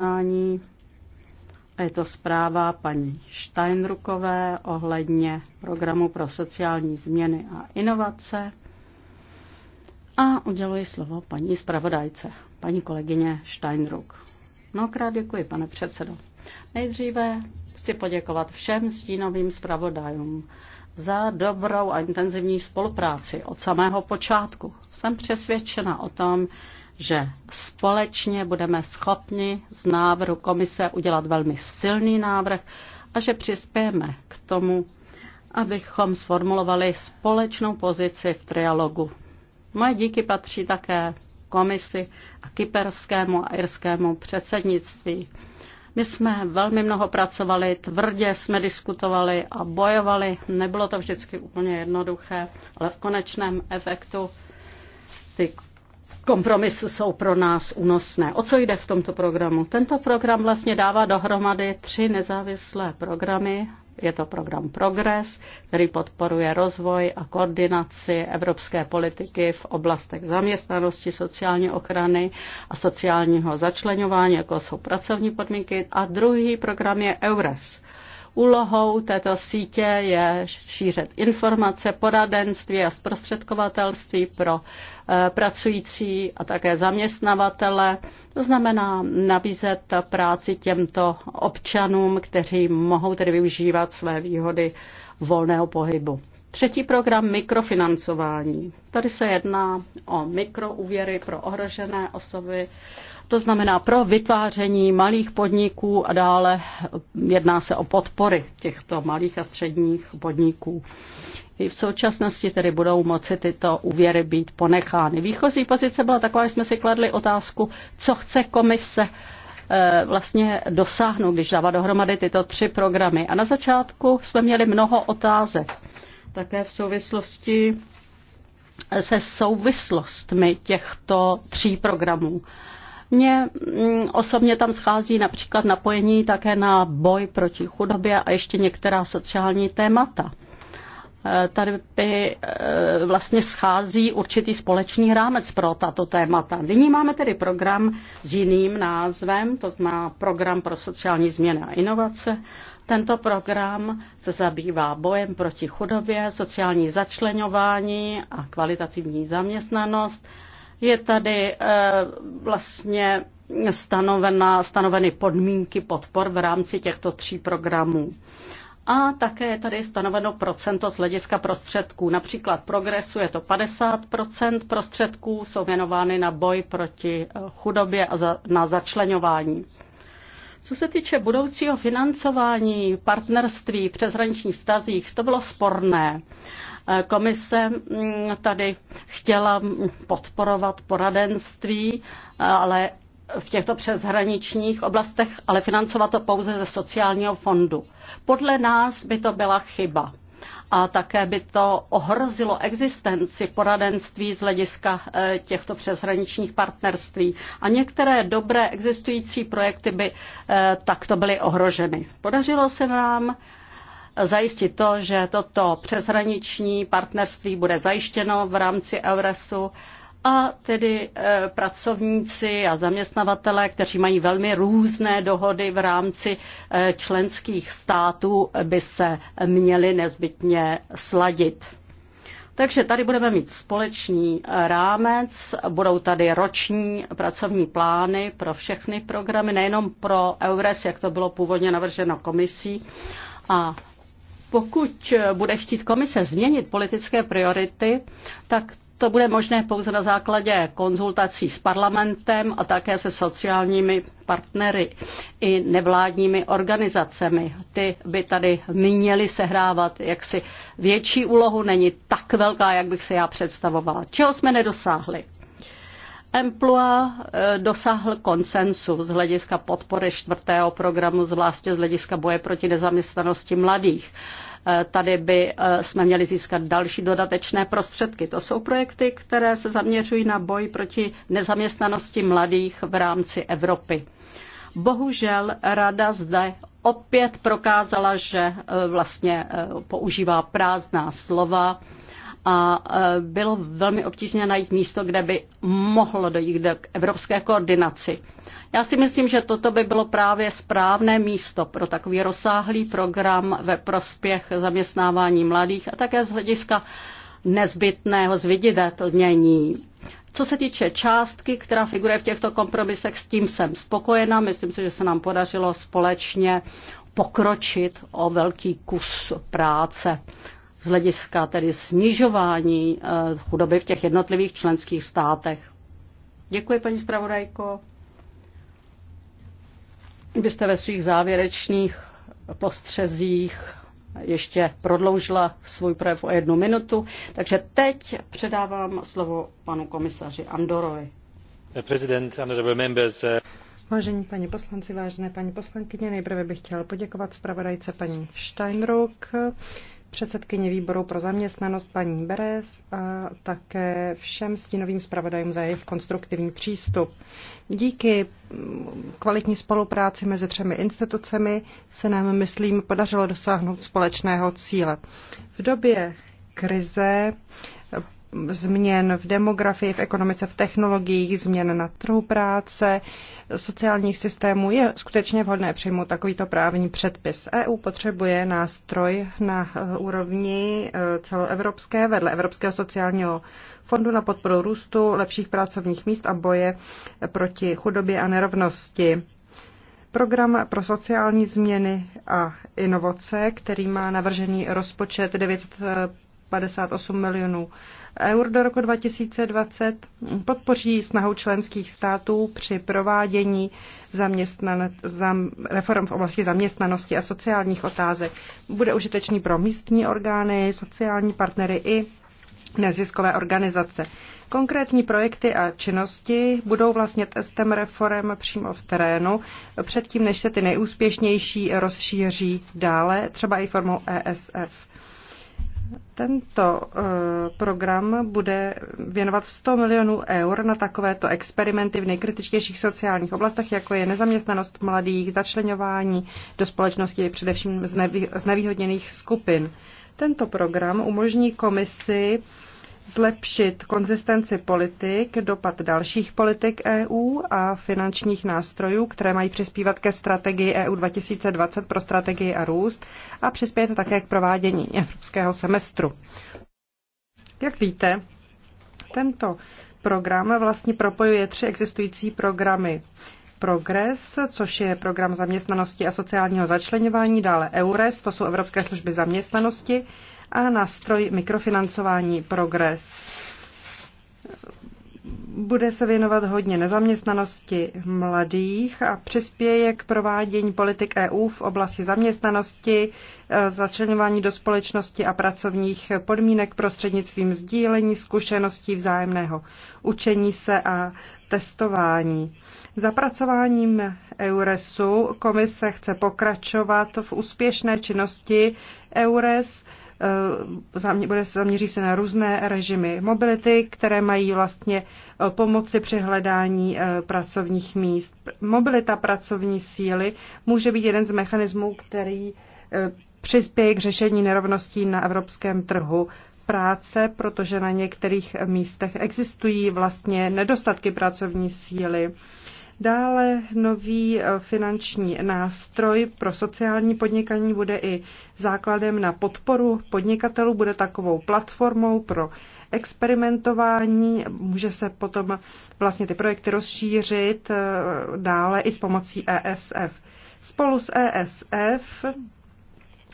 jednání. Je to zpráva paní Steinrukové ohledně programu pro sociální změny a inovace. A uděluji slovo paní zpravodajce, paní kolegyně Steinruk. Mnohokrát děkuji, pane předsedo. Nejdříve chci poděkovat všem stínovým zpravodajům za dobrou a intenzivní spolupráci od samého počátku. Jsem přesvědčena o tom, že společně budeme schopni z návrhu komise udělat velmi silný návrh a že přispějeme k tomu, abychom sformulovali společnou pozici v trialogu. Moje díky patří také komisi a kyperskému a irskému předsednictví. My jsme velmi mnoho pracovali, tvrdě jsme diskutovali a bojovali. Nebylo to vždycky úplně jednoduché, ale v konečném efektu ty kompromisu jsou pro nás únosné. O co jde v tomto programu? Tento program vlastně dává dohromady tři nezávislé programy. Je to program Progress, který podporuje rozvoj a koordinaci evropské politiky v oblastech zaměstnanosti, sociální ochrany a sociálního začlenování, jako jsou pracovní podmínky. A druhý program je EURES, Úlohou této sítě je šířet informace, poradenství a zprostředkovatelství pro eh, pracující a také zaměstnavatele. To znamená nabízet práci těmto občanům, kteří mohou tedy využívat své výhody volného pohybu. Třetí program mikrofinancování. Tady se jedná o mikrouvěry pro ohrožené osoby to znamená pro vytváření malých podniků a dále jedná se o podpory těchto malých a středních podniků. I v současnosti tedy budou moci tyto úvěry být ponechány. Výchozí pozice byla taková, že jsme si kladli otázku, co chce komise eh, vlastně dosáhnout, když dává dohromady tyto tři programy. A na začátku jsme měli mnoho otázek, také v souvislosti se souvislostmi těchto tří programů. Mně mm, osobně tam schází například napojení také na boj proti chudobě a ještě některá sociální témata. Eh, tady by eh, vlastně schází určitý společný rámec pro tato témata. Nyní máme tedy program s jiným názvem, to znamená program pro sociální změny a inovace. Tento program se zabývá bojem proti chudobě, sociální začlenování a kvalitativní zaměstnanost je tady eh, vlastně stanovena, stanoveny podmínky podpor v rámci těchto tří programů. A také je tady stanoveno procento z hlediska prostředků. Například progresu je to 50 prostředků, jsou věnovány na boj proti eh, chudobě a za, na začlenování. Co se týče budoucího financování partnerství přeshraničních vztazích, to bylo sporné. Komise mm, tady chtěla podporovat poradenství, ale v těchto přeshraničních oblastech, ale financovat to pouze ze sociálního fondu. Podle nás by to byla chyba a také by to ohrozilo existenci poradenství z hlediska eh, těchto přeshraničních partnerství. A některé dobré existující projekty by eh, takto byly ohroženy. Podařilo se nám zajistit to, že toto přeshraniční partnerství bude zajištěno v rámci Euresu a tedy eh, pracovníci a zaměstnavatele, kteří mají velmi různé dohody v rámci eh, členských států, by se měli nezbytně sladit. Takže tady budeme mít společný eh, rámec, budou tady roční pracovní plány pro všechny programy, nejenom pro EURES, jak to bylo původně navrženo komisí. A pokud eh, bude chtít komise změnit politické priority, tak to bude možné pouze na základě konzultací s parlamentem a také se sociálními partnery i nevládními organizacemi. Ty by tady měly sehrávat jaksi větší úlohu, není tak velká, jak bych si já představovala. Čeho jsme nedosáhli? emploi eh, dosáhl konsensu z hlediska podpory čtvrtého programu, zvláště z hlediska boje proti nezaměstnanosti mladých. Eh, tady by eh, jsme měli získat další dodatečné prostředky. To jsou projekty, které se zaměřují na boj proti nezaměstnanosti mladých v rámci Evropy. Bohužel rada zde opět prokázala, že vlastně používá prázdná slova a e, bylo velmi obtížné najít místo, kde by mohlo dojít k evropské koordinaci. Já si myslím, že toto by bylo právě správné místo pro takový rozsáhlý program ve prospěch zaměstnávání mladých a také z hlediska nezbytného zviditelnění. Co se týče částky, která figuruje v těchto kompromisech, s tím jsem spokojena. Myslím si, že se nám podařilo společně pokročit o velký kus práce z hlediska tedy snižování eh, chudoby v těch jednotlivých členských státech. Děkuji, paní zpravodajko. Byste ve svých závěrečných postřezích ještě prodloužila svůj projev o jednu minutu, takže teď předávám slovo panu komisaři Andorovi. Eh, Vážení paní poslanci, vážené paní poslankyně, nejprve bych chtěl poděkovat zpravodajce paní Steinruck předsedkyně výboru pro zaměstnanost paní Beres a také všem stínovým zpravodajům za jejich konstruktivní přístup. Díky kvalitní spolupráci mezi třemi institucemi se nám, myslím, podařilo dosáhnout společného cíle. V době krize změn v demografii, v ekonomice, v technologiích, změn na trhu práce, sociálních systémů, je skutečně vhodné přijmout takovýto právní předpis. EU potřebuje nástroj na eh, úrovni eh, celoevropské vedle Evropského sociálního fondu na podporu růstu, lepších pracovních míst a boje proti chudobě a nerovnosti program pro sociální změny a inovace, který má navržený rozpočet 900 58 milionů eur do roku 2020 podpoří snahu členských států při provádění zaměstnan- zam- reform v oblasti zaměstnanosti a sociálních otázek. Bude užitečný pro místní orgány, sociální partnery i neziskové organizace. Konkrétní projekty a činnosti budou vlastně testem reform přímo v terénu, předtím než se ty nejúspěšnější rozšíří dále, třeba i formou ESF. Tento eh, program bude věnovat 100 milionů eur na takovéto experimenty v nejkritičtějších sociálních oblastech, jako je nezaměstnanost mladých, začlenování do společnosti především z nevýhodněných skupin. Tento program umožní komisi zlepšit konzistenci politik, dopad dalších politik EU a finančních nástrojů, které mají přispívat ke strategii EU 2020 pro strategii a růst a přispěje to také k provádění evropského semestru. Jak víte, tento program vlastně propojuje tři existující programy. Progress, což je program zaměstnanosti a sociálního začlenování, dále EURES, to jsou Evropské služby zaměstnanosti, a nástroj mikrofinancování Progress. Bude se věnovat hodně nezaměstnanosti mladých a přispěje k provádění politik EU v oblasti zaměstnanosti, e, začlenování do společnosti a pracovních podmínek prostřednictvím sdílení zkušeností vzájemného učení se a testování. Zapracováním EURESu komise chce pokračovat v úspěšné činnosti EURES Eh, bude zaměří se na různé režimy mobility, které mají vlastně eh, pomoci při hledání eh, pracovních míst. Mobilita pracovní síly může být jeden z mechanismů, který přispěje k řešení nerovností na evropském trhu práce, protože na některých místech existují vlastně nedostatky pracovní síly. Dále nový eh, finanční nástroj pro sociální podnikání bude i základem na podporu podnikatelů, bude takovou platformou pro experimentování, může se potom vlastně ty projekty rozšířit eh, dále i s pomocí ESF. Spolu s ESF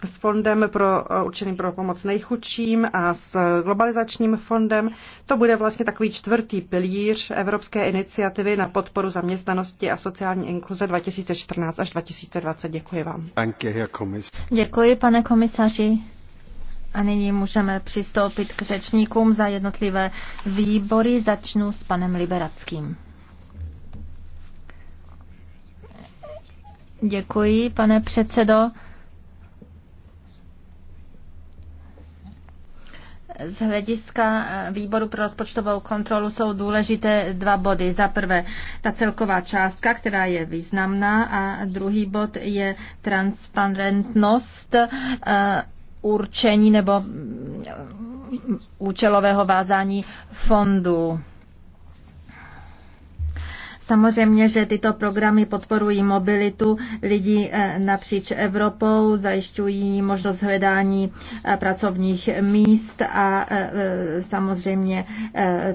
s fondem pro, eh, určeným pro pomoc nejchudším a s globalizačním fondem. To bude vlastně takový čtvrtý pilíř Evropské iniciativy na podporu zaměstnanosti a sociální inkluze 2014 až 2020. Děkuji vám. Děkuji, pane komisaři. A nyní můžeme přistoupit k řečníkům za jednotlivé výbory. Začnu s panem Liberackým. Děkuji, pane předsedo. z hlediska eh, výboru pro rozpočtovou kontrolu jsou důležité dva body. Za prvé ta celková částka, která je významná a druhý bod je transparentnost eh, určení nebo mm, účelového vázání fondu. Samozřejmě, že tyto programy podporují mobilitu lidí eh, napříč Evropou, zajišťují možnost hledání eh, pracovních míst a eh, samozřejmě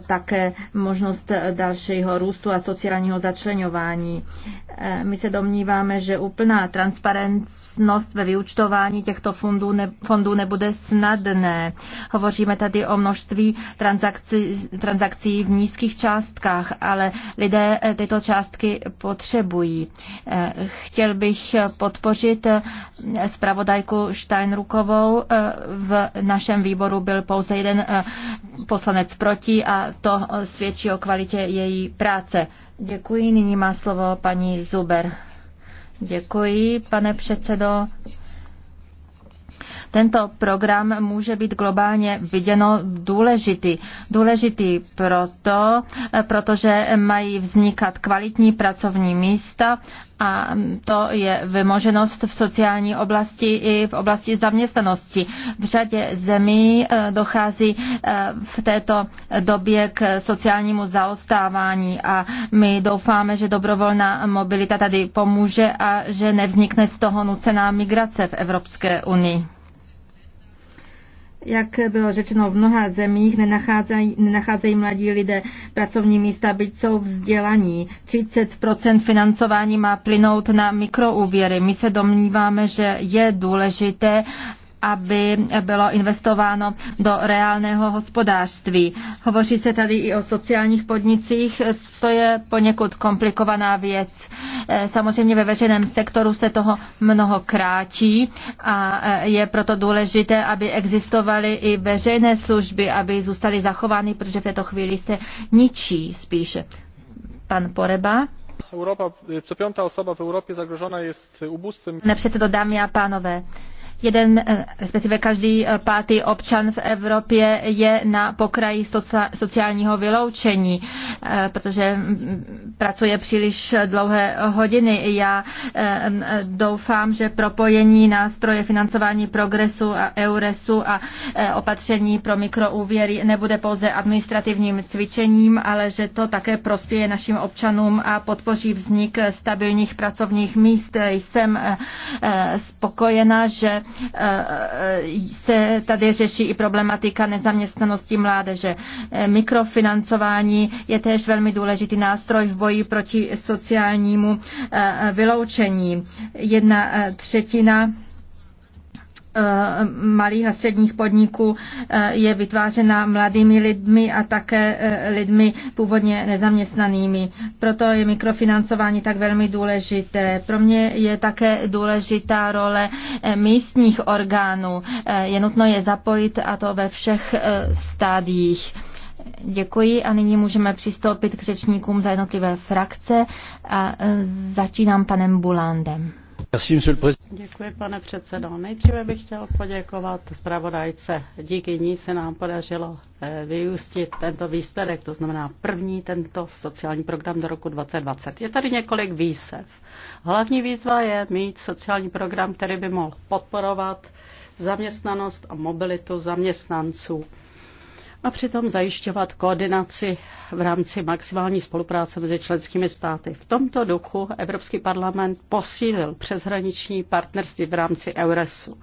také možnost dalšího růstu a sociálního začlenování. My se domníváme, že úplná transparentnost ve vyučtování těchto fondů, ne, fondů nebude snadné. Hovoříme tady o množství transakcí, transakcí v nízkých částkách, ale lidé teď tyto částky potřebují. Chtěl bych podpořit zpravodajku Steinrukovou. V našem výboru byl pouze jeden poslanec proti a to svědčí o kvalitě její práce. Děkuji. Nyní má slovo paní Zuber. Děkuji, pane předsedo. Tento program může být globálně viděno důležitý. Důležitý proto, protože mají vznikat kvalitní pracovní místa a to je vymoženost v sociální oblasti i v oblasti zaměstnanosti. V řadě zemí eh, dochází eh, v této době k sociálnímu zaostávání a my doufáme, že dobrovolná mobilita tady pomůže a že nevznikne z toho nucená migrace v Evropské unii jak bylo řečeno, v mnoha zemích nenacházejí, nenacházejí mladí lidé pracovní místa, byť jsou vzdělaní. 30% financování má plynout na mikroúvěry. My se domníváme, že je důležité, aby bylo investováno do reálného hospodářství. Hovoří se tady i o sociálních podnicích, to je poněkud komplikovaná věc. Eh, samozřejmě ve veřejném sektoru se toho mnoho krátí a eh, je proto důležité, aby existovaly i veřejné služby, aby zůstaly zachovány, protože v této chvíli se ničí spíše. Pan Poreba. Europa, co osoba v Evropě zagrožena je ubóstwem. Nepřece to dámy a pánové, jeden, eh, respektive každý eh, pátý občan v Evropě je na pokraji sociálního vyloučení, eh, protože mm, pracuje příliš dlouhé hodiny. Já eh, doufám, že propojení nástroje financování progresu a EURESu a eh, opatření pro mikroúvěry nebude pouze administrativním cvičením, ale že to také prospěje našim občanům a podpoří vznik stabilních pracovních míst. Jsem eh, spokojena, že se tady řeší i problematika nezaměstnanosti mládeže. Mikrofinancování je též velmi důležitý nástroj v boji boji proti sociálnímu eh, vyloučení. Jedna eh, třetina eh, malých a středních podniků je vytvářena mladými lidmi a také lidmi původně nezaměstnanými. Proto je mikrofinancování tak velmi důležité. Pro mě je také důležitá role místních orgánů. Je nutno je zapojit a to ve všech stádiích. Děkuji a nyní můžeme přistoupit k řečníkům za jednotlivé frakce a e, začínám panem Bulandem. Děkuji, pane předsedo. Nejdříve bych chtěl poděkovat zpravodajce. Díky ní se nám podařilo e, vyústit tento výsledek, to znamená první tento sociální program do roku 2020. Je tady několik výsev. Hlavní výzva je mít sociální program, který by mohl podporovat zaměstnanost a mobilitu zaměstnanců a přitom zajišťovat koordinaci v rámci maximální spolupráce mezi členskými státy. V tomto duchu Evropský parlament posílil přeshraniční partnerství v rámci EURESu.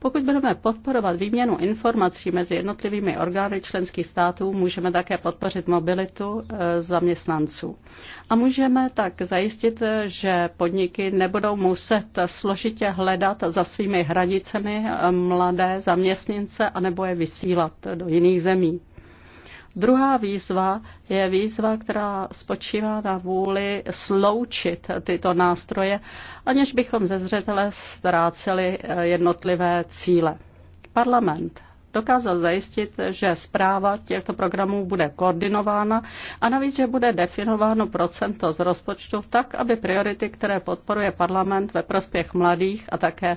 Pokud budeme podporovat výměnu informací mezi jednotlivými orgány členských států, můžeme také podpořit mobilitu e, zaměstnanců. A můžeme tak zajistit, e, že podniky nebudou muset složitě hledat za svými hranicemi e, mladé zaměstnance anebo je vysílat do jiných zemí. Druhá výzva je výzva, která spočívá na vůli sloučit tyto nástroje, aniž bychom ze zřetele ztráceli eh, jednotlivé cíle. Parlament dokázal zajistit, že zpráva těchto programů bude koordinována a navíc, že bude definováno procento z rozpočtu tak, aby priority, které podporuje parlament ve prospěch mladých a také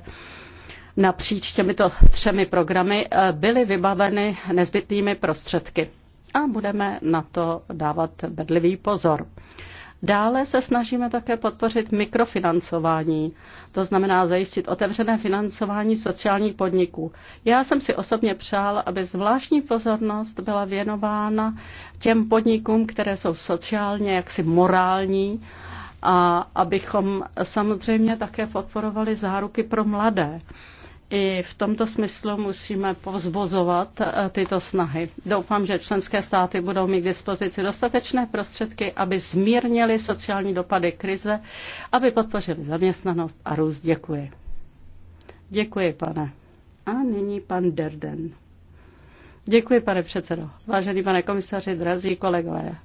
napříč těmito třemi programy, eh, byly vybaveny nezbytnými prostředky a budeme na to dávat bedlivý pozor. Dále se snažíme také podpořit mikrofinancování, to znamená zajistit otevřené financování sociálních podniků. Já jsem si osobně přál, aby zvláštní pozornost byla věnována těm podnikům, které jsou sociálně jaksi morální a abychom samozřejmě také podporovali záruky pro mladé i v tomto smyslu musíme povzbozovat eh, tyto snahy. Doufám, že členské státy budou mít k dispozici dostatečné prostředky, aby zmírnili sociální dopady krize, aby podpořili zaměstnanost a růst. Děkuji. Děkuji, pane. A nyní pan Derden. Děkuji, pane předsedo. Vážený pane komisaři, drazí kolegové.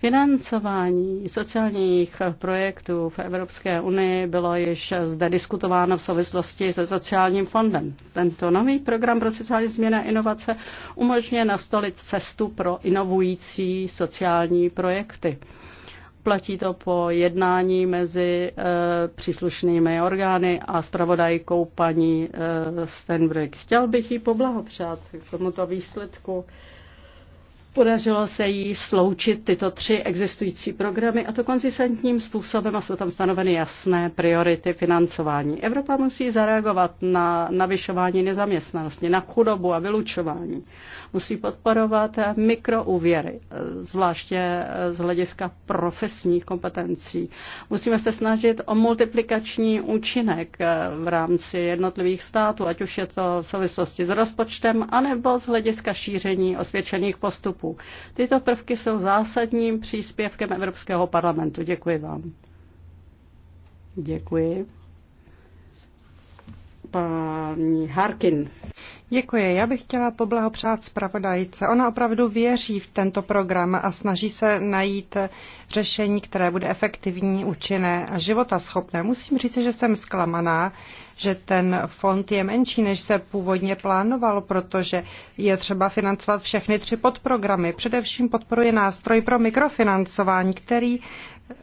Financování sociálních projektů v Evropské unii bylo již zde diskutováno v souvislosti se sociálním fondem. Tento nový program pro sociální změny a inovace umožňuje nastolit cestu pro inovující sociální projekty platí to po jednání mezi e, příslušnými orgány a spravodajkou paní e, Stenbrück. Chtěl bych jí poblahopřát k tomuto výsledku. E, Podařilo se jí sloučit tyto tři existující programy a to konzistentním způsobem a jsou tam stanoveny jasné priority financování. Evropa musí zareagovat na navyšování nezaměstnanosti, na chudobu a vylučování. Musí podporovat mikroúvěry, zvláště z hlediska profesních kompetencí. Musíme se snažit o multiplikační účinek v rámci jednotlivých států, ať už je to v souvislosti s rozpočtem, anebo z hlediska šíření osvědčených postupů Evropu. Tyto prvky jsou zásadním příspěvkem Evropského parlamentu. Děkuji vám. Děkuji. Pani Harkin. Děkuji. Já bych chtěla poblahopřát zpravodajce. Ona opravdu věří v tento program a snaží se najít řešení, které bude efektivní, účinné a schopné. Musím říct, že jsem zklamaná, že ten fond je menší, než se původně plánovalo, protože je třeba financovat všechny tři podprogramy. Především podporuje nástroj pro mikrofinancování, který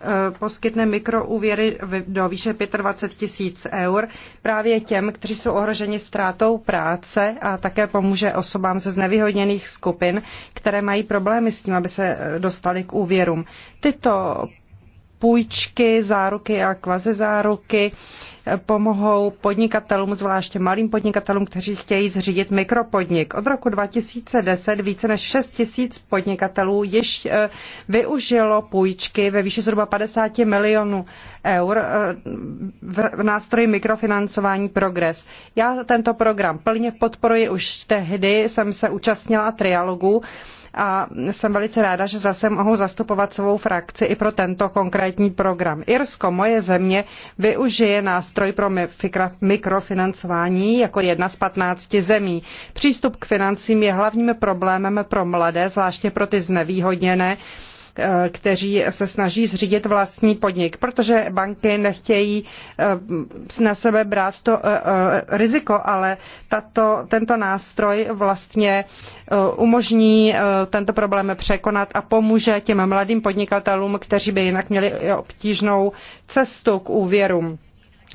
Eh, poskytne mikroúvěry do výše 25 tisíc eur právě těm, kteří jsou ohroženi ztrátou práce a také pomůže osobám ze znevýhodněných skupin, které mají problémy s tím, aby se eh, dostali k úvěrům. Tyto půjčky, záruky a kvazezáruky pomohou podnikatelům, zvláště malým podnikatelům, kteří chtějí zřídit mikropodnik. Od roku 2010 více než 6 tisíc podnikatelů již eh, využilo půjčky ve výši zhruba 50 milionů eur eh, v nástroji mikrofinancování Progres. Já tento program plně podporuji už tehdy, jsem se účastnila trialogu a jsem velice ráda, že zase mohu zastupovat svou frakci i pro tento konkrétní program. Irsko, moje země, využije nástroj pro mikrofinancování jako jedna z 15 zemí. Přístup k financím je hlavním problémem pro mladé, zvláště pro ty znevýhodněné, Eh, kteří se snaží zřídit vlastní podnik, protože banky nechtějí eh, na sebe brát to eh, riziko, ale tato, tento nástroj vlastně umožní tento problém překonat a pomůže těm mladým podnikatelům, kteří by jinak měli obtížnou cestu k úvěrům.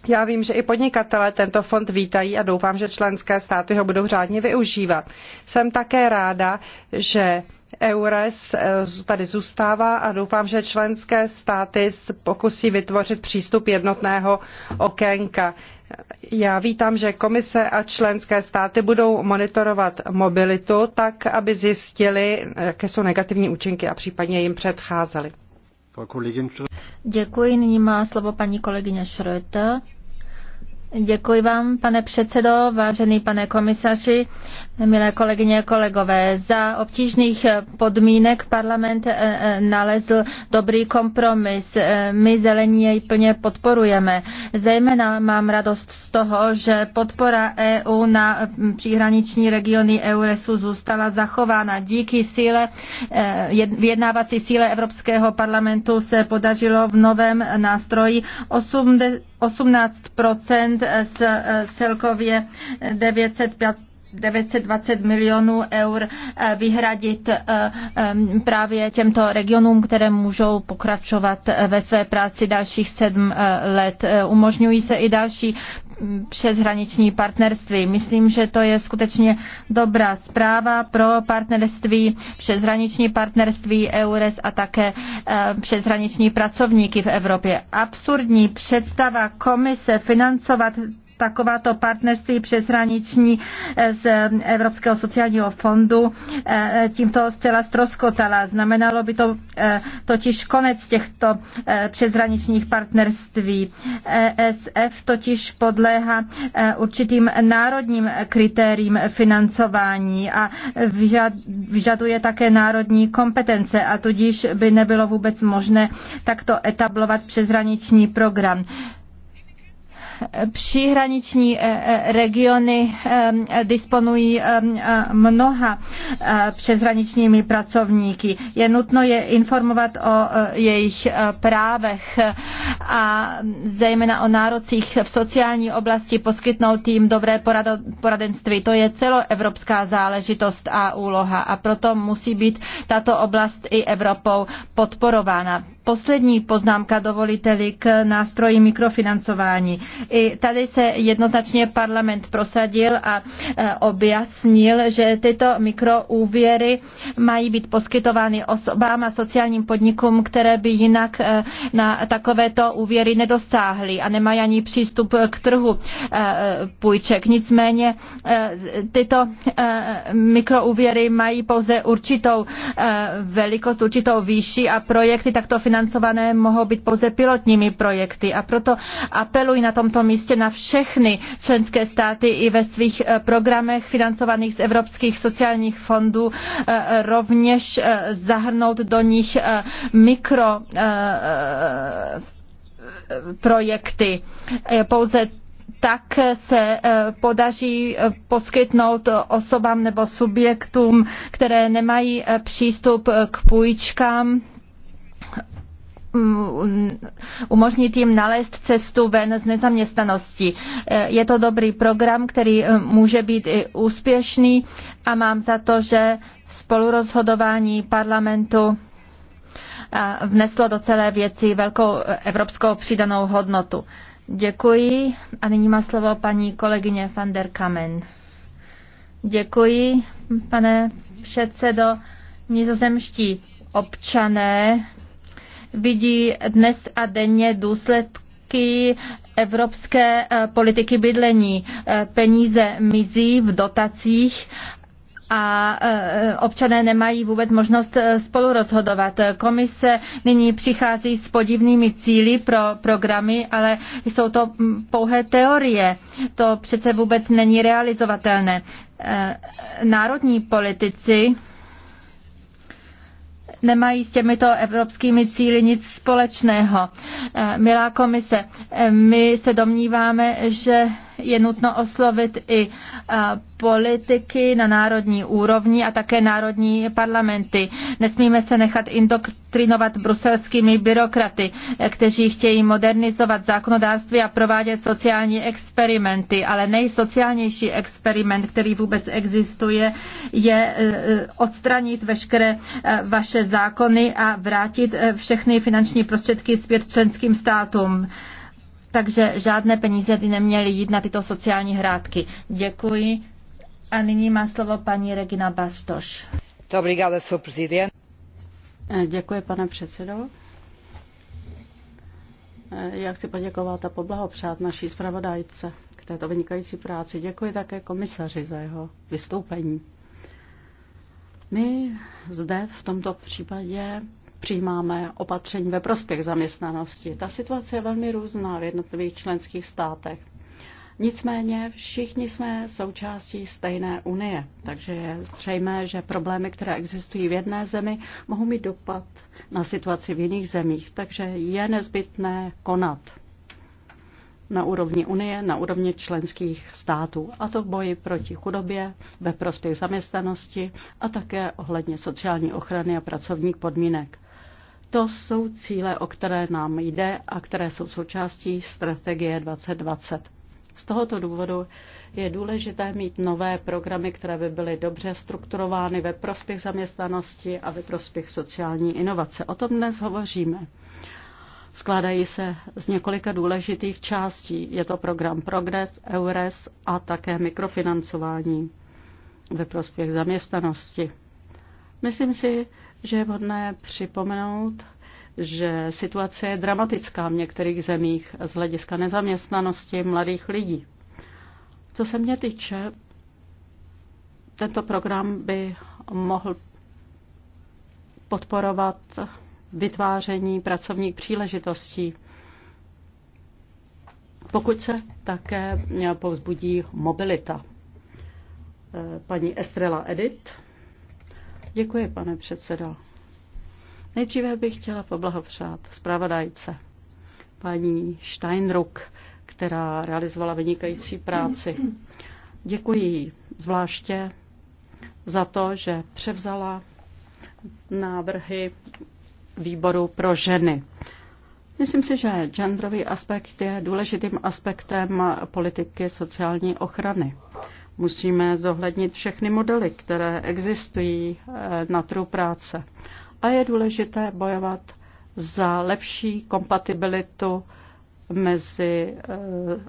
Já vím, že i podnikatelé tento fond vítají a doufám, že členské státy ho budou řádně využívat. Jsem také ráda, že EURES eh, tady zůstává a doufám, že členské státy pokusí vytvořit přístup jednotného okénka. Já vítám, že komise a členské státy budou monitorovat mobilitu tak, aby zjistili, jaké jsou negativní účinky a případně jim předcházely. Děkuji, nyní má slovo paní kolegyně Schröter. Děkuji vám, pane předsedo, vážený pane komisaři, milé kolegyně kolegové. Za obtížných podmínek parlament eh, eh, nalezl dobrý kompromis. Eh, my zelení jej plně podporujeme. Zejména mám radost z toho, že podpora EU na hm, příhraniční regiony Euresu zůstala zachována. Díky síle, vyjednávací síle Evropského parlamentu se podařilo v novém nástroji 80 18 z eh, celkově 905 920 milionů eur eh, vyhradit eh, eh, právě těmto regionům, které můžou pokračovat ve své práci dalších sedm let. Umožňují se i další mm, přeshraniční partnerství. Myslím, že to je skutečně dobrá zpráva pro partnerství, přeshraniční partnerství EURES a také přeshraniční pracovníky v Evropě. Absurdní představa komise financovat takováto partnerství přeshraniční eh, z Evropského sociálního fondu eh, tímto zcela stroskotala. Znamenalo by to eh, totiž konec těchto přeshraničních partnerství. ESF totiž podléhá určitým národním kritériím financování a vyžaduje také národní kompetence a tudíž by nebylo vůbec možné takto etablovat přeshraniční program. Příhraniční eh, eh, regiony eh, disponují mnoha přeshraničními pracovníky. Je nutno je informovat o jejich právech a zejména o nárocích v sociální oblasti poskytnout jim dobré poradenství. To je celoevropská záležitost a úloha a proto musí být tato oblast i Evropou podporována poslední poznámka, dovoliteli, k nástroji mikrofinancování. I tady se jednoznačně parlament prosadil a e, objasnil, že tyto mikroúvěry mají být poskytovány osobám a sociálním podnikům, které by jinak e, na takovéto úvěry nedosáhly a nemají ani přístup k trhu e, půjček. Nicméně tyto mikroúvěry mají pouze určitou velikost, určitou výši a projekty takto financují financované mohou být pouze pilotními projekty a proto apeluji na tomto místě na všechny členské státy i ve svých eh, programech financovaných z evropských sociálních fondů eh, rovněž eh, zahrnout do nich mikro projekty. Pouze tak se podaří poskytnout osobám nebo subjektům, které nemají přístup k půjčkám, Mm, umožnit jim nalézt cestu ven z nezaměstnanosti. E, je to dobrý program, který e, může být i úspěšný a mám za to, že spolurozhodování parlamentu e, vneslo do celé věci velkou evropskou přidanou hodnotu. Děkuji a nyní má slovo paní kolegyně van der Kamen. Děkuji, pane předsedo. Nizozemští občané vidí dnes a denně důsledky evropské eh, politiky bydlení. Eh, peníze mizí v dotacích a eh, občané nemají vůbec možnost spolurozhodovat. Komise nyní přichází s podivnými cíly pro programy, ale jsou to mm, pouhé teorie. To přece vůbec není realizovatelné. Národní politici nemají s těmito evropskými cíly nic společného. Eh, milá komise, eh, my se domníváme, že je nutno oslovit i eh, politiky na národní úrovni a také národní parlamenty. Nesmíme se nechat indoktrinovat bruselskými byrokraty, eh, kteří chtějí modernizovat zákonodárství a provádět sociální experimenty, ale nejsociálnější experiment, který vůbec existuje, je eh, odstranit veškeré vaše zákony a vrátit všechny finanční prostředky zpět členským státům takže žádné peníze by neměly jít na tyto sociální hrádky. Děkuji. A nyní má slovo paní Regina Bastoš. Eh, děkuji, pane předsedo. Eh, já chci poděkovat a poblahopřát naší zpravodajce k této vynikající práci. Děkuji také komisaři za jeho vystoupení. My zde v tomto případě přijímáme opatření ve prospěch zaměstnanosti. Ta situace je velmi různá v jednotlivých členských státech. Nicméně všichni jsme součástí stejné unie, takže je zřejmé, že problémy, které existují v jedné zemi, mohou mít dopad na situaci v jiných zemích, takže je nezbytné konat na úrovni Unie, na úrovni členských států, a to v boji proti chudobě, ve prospěch zaměstnanosti a také ohledně sociální ochrany a pracovních podmínek. To jsou cíle, o které nám jde a které jsou součástí strategie 2020. Z tohoto důvodu je důležité mít nové programy, které by byly dobře strukturovány ve prospěch zaměstnanosti a ve prospěch sociální inovace. O tom dnes hovoříme. Skládají se z několika důležitých částí. Je to program Progress, EURES a také mikrofinancování ve prospěch zaměstnanosti. Myslím si, že je vhodné připomenout, že situace je dramatická v některých zemích z hlediska nezaměstnanosti mladých lidí. Co se mě týče, tento program by mohl podporovat vytváření pracovních příležitostí, pokud se také povzbudí mobilita. Paní Estrela Edit. Děkuji, pane předsedo. Nejdříve bych chtěla poblahopřát zpravodajce paní Steinruck, která realizovala vynikající práci. Děkuji jí zvláště za to, že převzala návrhy výboru pro ženy. Myslím si, že genderový aspekt je důležitým aspektem politiky sociální ochrany. Musíme zohlednit všechny modely, které existují eh, na trhu práce. A je důležité bojovat za lepší kompatibilitu mezi eh,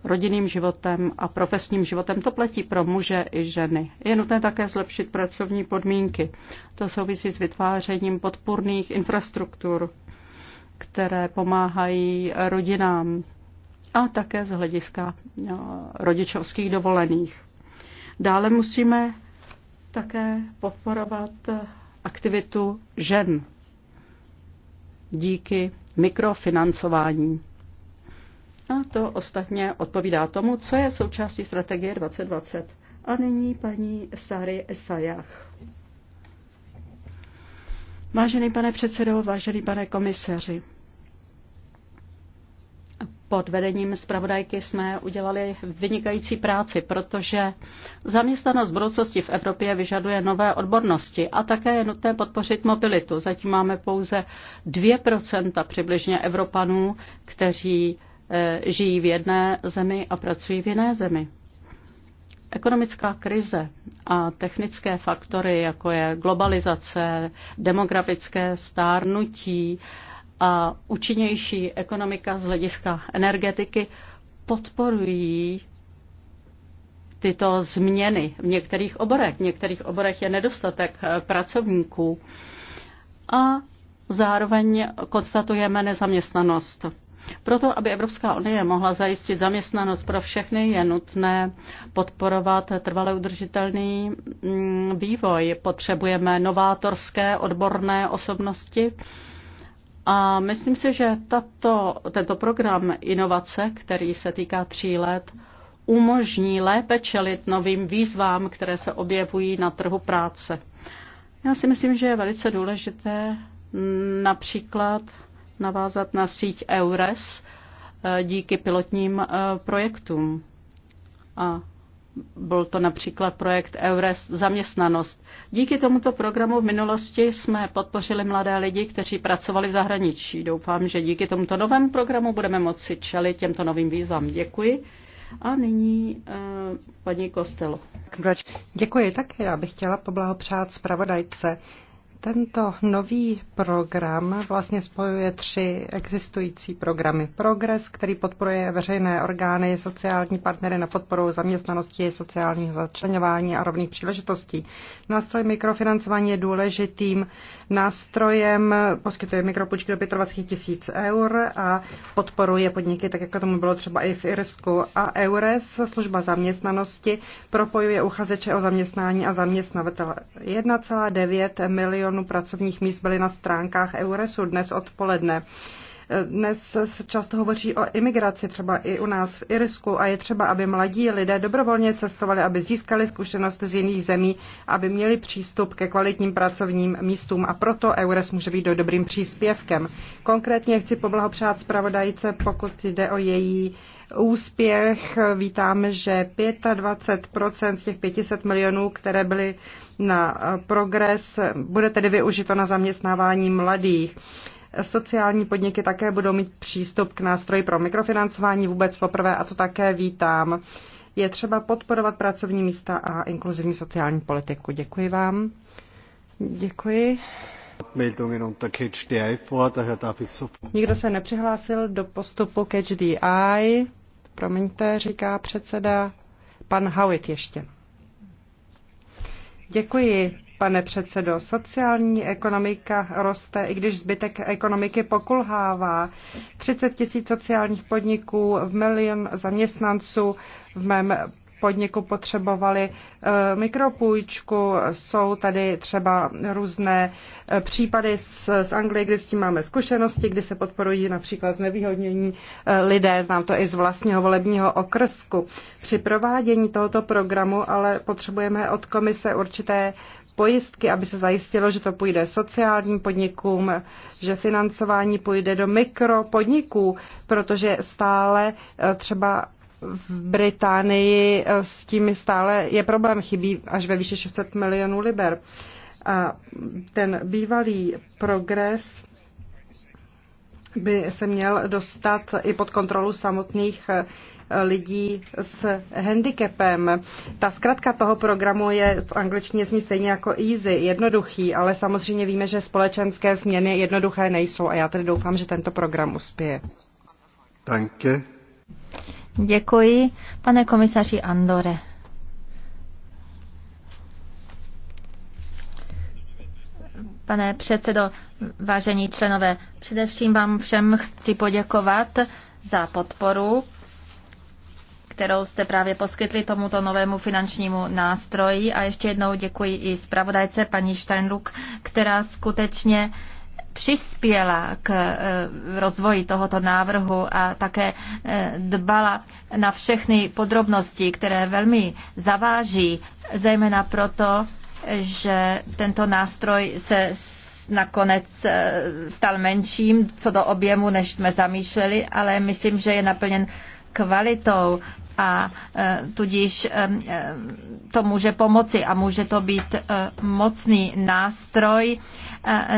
rodinným životem a profesním životem. To platí pro muže i ženy. Je nutné také zlepšit pracovní podmínky. To souvisí s vytvářením podpůrných infrastruktur, které pomáhají rodinám a také z hlediska eh, rodičovských dovolených. Dále musíme také podporovat aktivitu žen díky mikrofinancování. A to ostatně odpovídá tomu, co je součástí strategie 2020. A nyní paní Sary Esajach. Vážený pane předsedo, vážený pane komisaři, pod vedením zpravodajky jsme udělali vynikající práci, protože zaměstnanost v budoucnosti v Evropě vyžaduje nové odbornosti a také je nutné podpořit mobilitu. Zatím máme pouze 2% přibližně Evropanů, kteří eh, žijí v jedné zemi a pracují v jiné zemi. Ekonomická krize a technické faktory, jako je globalizace, demografické stárnutí, a účinnější ekonomika z hlediska energetiky podporují tyto změny v některých oborech. V některých oborech je nedostatek eh, pracovníků a zároveň konstatujeme nezaměstnanost. Proto, aby Evropská unie mohla zajistit zaměstnanost pro všechny, je nutné podporovat trvale udržitelný mm, vývoj. Potřebujeme novátorské odborné osobnosti, a myslím si, že tato, tento program inovace, který se týká tří let, umožní lépe čelit novým výzvám, které se objevují na trhu práce. Já si myslím, že je velice důležité například navázat na síť EURES eh, díky pilotním eh, projektům. A byl to například projekt Eures zaměstnanost. Díky tomuto programu v minulosti jsme podpořili mladé lidi, kteří pracovali v zahraničí. Doufám, že díky tomuto novému programu budeme moci čelit těmto novým výzvám. Děkuji. A nyní uh, paní Kostelo. Děkuji také. Já bych chtěla poblahopřát zpravodajce. Tento nový program vlastně spojuje tři existující programy. Progres, který podporuje veřejné orgány, sociální partnery na podporu zaměstnanosti, sociálního začlenování a rovných příležitostí. Nástroj mikrofinancování je důležitým nástrojem, poskytuje mikropůjčky do 25 tisíc eur a podporuje podniky, tak jako tomu bylo třeba i v Irsku. A EURES, služba zaměstnanosti, propojuje uchazeče o zaměstnání a zaměstnavatele. 1,9 milionů milionů pracovních míst byly na stránkách Euresu dnes odpoledne. Dnes se často hovoří o imigraci, třeba i u nás v Irsku, a je třeba, aby mladí lidé dobrovolně cestovali, aby získali zkušenost z jiných zemí, aby měli přístup ke kvalitním pracovním místům a proto EURES může být do dobrým příspěvkem. Konkrétně chci poblahopřát zpravodajce, pokud jde o její úspěch. Vítáme, že 25 z těch 500 milionů, které byly na progres, bude tedy využito na zaměstnávání mladých. Sociální podniky také budou mít přístup k nástroji pro mikrofinancování vůbec poprvé a to také vítám. Je třeba podporovat pracovní místa a inkluzivní sociální politiku. Děkuji vám. Děkuji. Nikdo se nepřihlásil do postupu Catch the Eye. Promiňte, říká předseda. Pan Howitt ještě. Děkuji, pane předsedo. Sociální ekonomika roste, i když zbytek ekonomiky pokulhává. 30 tisíc sociálních podniků v milion zaměstnanců v mém podniku potřebovali eh, mikropůjčku. Jsou tady třeba různé eh, případy z, z Anglie, kde s tím máme zkušenosti, kdy se podporují například znevýhodnění eh, lidé. Znám to i z vlastního volebního okrsku. Při provádění tohoto programu ale potřebujeme od komise určité pojistky, aby se zajistilo, že to půjde sociálním podnikům, že financování půjde do mikropodniků, protože stále třeba v Británii eh, s tím stále je problém, chybí až ve výši 600 milionů liber. A ten bývalý progres by se měl dostat i pod kontrolu samotných eh, lidí s handicapem. Ta zkratka toho programu je v angličtině zní stejně jako easy, jednoduchý, ale samozřejmě víme, že společenské změny jednoduché nejsou a já tedy doufám, že tento program uspěje. Danke. Děkuji, pane komisaři Andore. Pane předsedo, vážení členové, především vám všem chci poděkovat za podporu, kterou jste právě poskytli tomuto novému finančnímu nástroji. A ještě jednou děkuji i zpravodajce paní Steinruck, která skutečně přispěla k eh, rozvoji tohoto návrhu a také eh, dbala na všechny podrobnosti, které velmi zaváží, zejména proto, že tento nástroj se nakonec eh, stal menším co do objemu, než jsme zamýšleli, ale myslím, že je naplněn kvalitou a e, tudíž e, e, to může pomoci a může to být mocný nástroj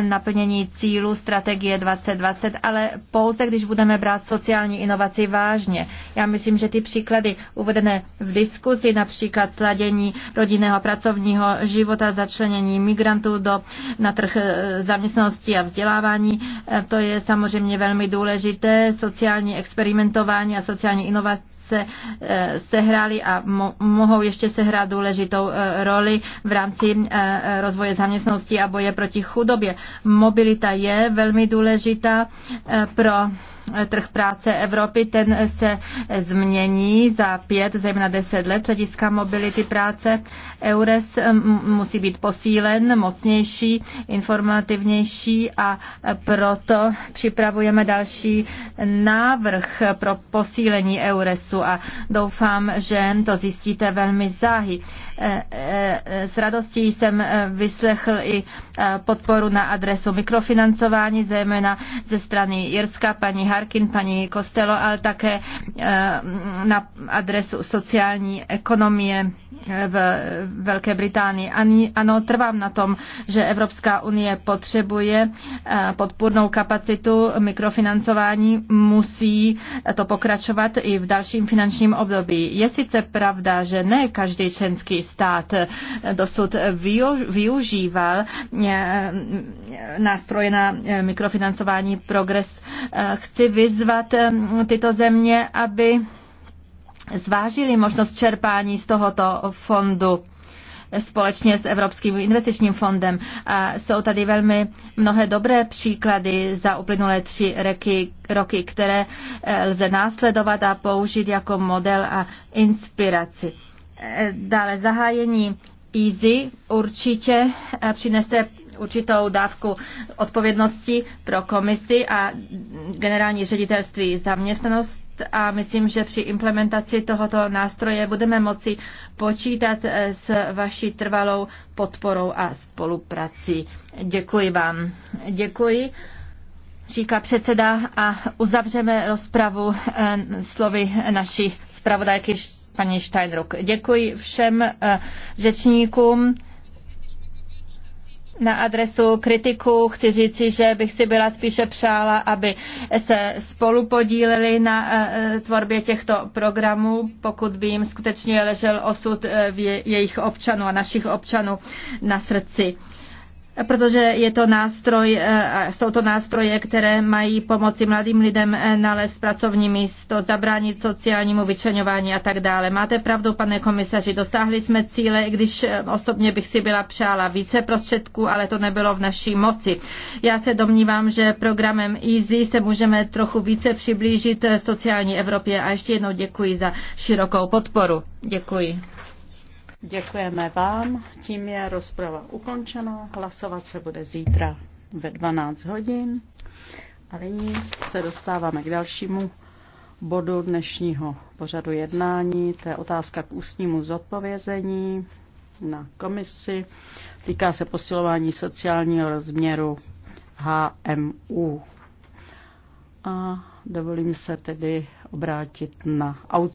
naplnění cílu strategie 2020, ale pouze když budeme brát sociální inovaci vážně. Já myslím, že ty příklady uvedené v diskuzi, například sladění rodinného pracovního života, začlenění migrantů do, na trh zaměstnanosti a vzdělávání, to je samozřejmě velmi důležité. Sociální experimentování a sociální inovace se eh, sehrály a mohou ještě sehrát důležitou eh, roli v rámci eh, rozvoje zaměstnosti a boje proti chudobě. Mobilita je velmi důležitá pro trh práce Evropy, ten se změní za pět, zejména deset let hlediska mobility práce. EURES musí být posílen, mocnější, informativnější a proto připravujeme další návrh pro posílení EURESu a doufám, že to zjistíte velmi záhy. E, e, s radostí jsem e, vyslechl i podporu na adresu mikrofinancování, zejména ze strany Jirska, paní Harkin, paní Kostelo, ale také na adresu sociální ekonomie v Velké Británii. Ano, trvám na tom, že Evropská unie potřebuje podpůrnou kapacitu mikrofinancování, musí to pokračovat i v dalším příštím finančním období. Je sice pravda, že ne každý členský stát dosud využíval eh, nástroje na eh, mikrofinancování progres. Eh, chci vyzvat tyto země, aby zvážili možnost čerpání z tohoto fondu společně s Evropským investičním fondem. A jsou tady velmi mnohé dobré příklady za uplynulé tři reky, roky, které eh, lze následovat a použít jako model a inspiraci. Eh, dále zahájení EASY určitě eh, přinese určitou dávku odpovědnosti pro komisi a generální ředitelství zaměstnanosti a myslím, že při implementaci tohoto nástroje budeme moci počítat eh, s vaší trvalou podporou a spoluprací. Děkuji vám. Děkuji říká předseda a uzavřeme rozpravu eh, slovy naší zpravodajky paní Steinruck. Děkuji všem eh, řečníkům na adresu kritiků chci říci, že bych si byla spíše přála, aby se spolu podíleli na eh, tvorbě těchto programů, pokud by jim skutečně ležel osud eh, jejich občanů a našich občanů na srdci protože je to nástroj, eh, jsou to nástroje, které mají pomoci mladým lidem eh, nalézt pracovní místo, zabránit sociálnímu vyčeňování a tak dále. Máte pravdu, pane komisaři, dosáhli jsme cíle, i když eh, osobně bych si byla přála více prostředků, ale to nebylo v naší moci. Já se domnívám, že programem EASY se můžeme trochu více přiblížit sociální Evropě a ještě jednou děkuji za širokou podporu. Děkuji. Děkujeme vám. Tím je rozprava ukončena. Hlasovat se bude zítra ve 12 hodin. A nyní se dostáváme k dalšímu bodu dnešního pořadu jednání. To je otázka k ústnímu zodpovězení na komisi. Týká se posilování sociálního rozměru HMU. A dovolím se tedy obrátit na autor.